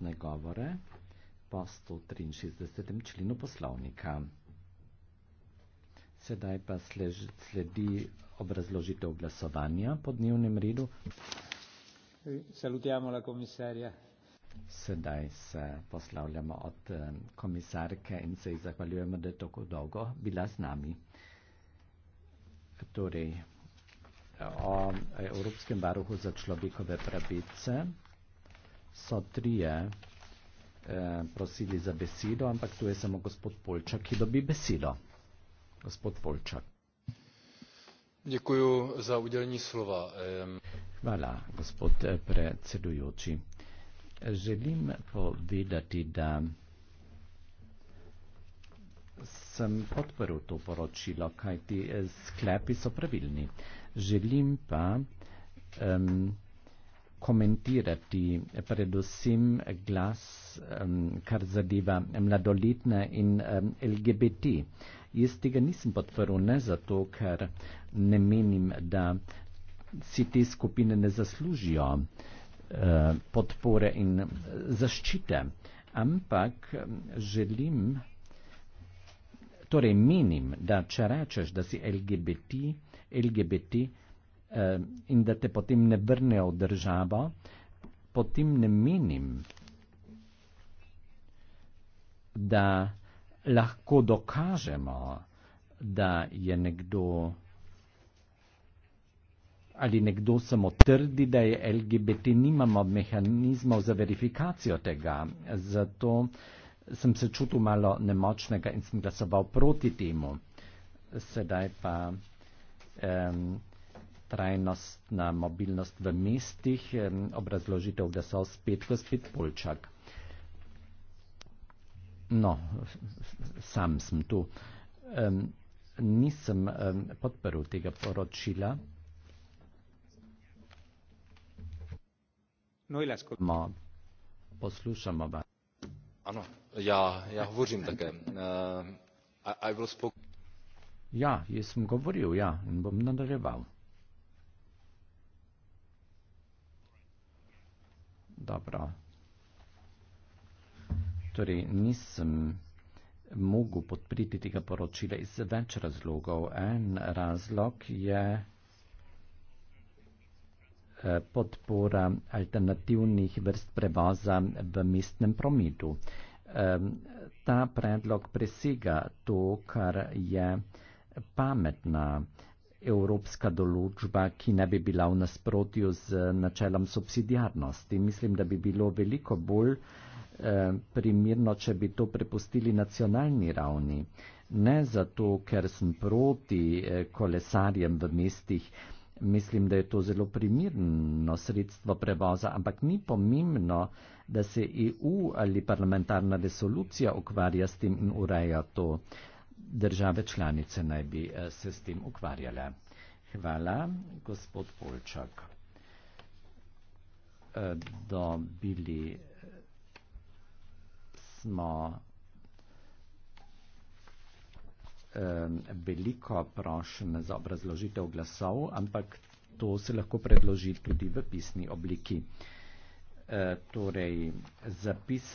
minutne govore po 163. členu poslovnika. Sedaj pa sledi obrazložitev glasovanja po dnevnem redu. Salutiamo la komisarja. Sedaj se poslavljamo od eh, komisarke in se ji zahvaljujemo, da je tako dolgo bila z nami. Torej, o Evropskem varuhu za človekove pravice so trije eh, prosili za besedo, ampak tu je samo gospod Polčak, ki dobi besedo. Gospod Polčak. Děkuji za udělení slova. Hvala, gospod eh, predsedujoči. Želim povedati, da sem podprl to poročilo, kajti eh, sklepi so pravilni. Želim pa um, komentirati predvsem glas, kar zadeva mladoletne in LGBT. Jaz tega nisem podprl ne zato, ker ne menim, da si te skupine ne zaslužijo e, podpore in zaščite, ampak želim, torej menim, da če rečeš, da si LGBT, LGBT, Eh, in da te potem ne vrnejo v državo, potem ne menim, da lahko dokažemo, da je nekdo ali nekdo samo trdi, da je LGBT, nimamo mehanizmov za verifikacijo tega. Zato sem se čutil malo nemočnega in sem glasoval proti temu. Sedaj pa. Um, trajnostna mobilnost v mestih, obrazložitev glasov spet ko spet Polčak. No, sam sem tu. Um, nisem um, podprl tega poročila. No, no poslušamo vas. Ano, ja, ja govorim také. Uh, I, I will spoke... Ja, jaz sem govoril, ja, in bom nadaljeval. dobro. Torej, nisem mogel podpriti tega poročila iz več razlogov. En razlog je eh, podpora alternativnih vrst prevoza v mestnem prometu. Ta predlog presega to, kar je pametna evropska določba, ki ne bi bila v nasprotju z načelom subsidijarnosti. Mislim, da bi bilo veliko bolj eh, primirno, če bi to prepustili nacionalni ravni. Ne zato, ker sem proti eh, kolesarjem v mestih, mislim, da je to zelo primirno sredstvo prevoza, ampak ni pomembno, da se EU ali parlamentarna resolucija ukvarja s tem in ureja to države članice naj bi eh, se s tem ukvarjale. Hvala, gospod Polčak. Eh, dobili eh, smo veliko prošen za obrazložitev glasov, ampak to se lahko predloži tudi v pisni obliki. Torej, zapis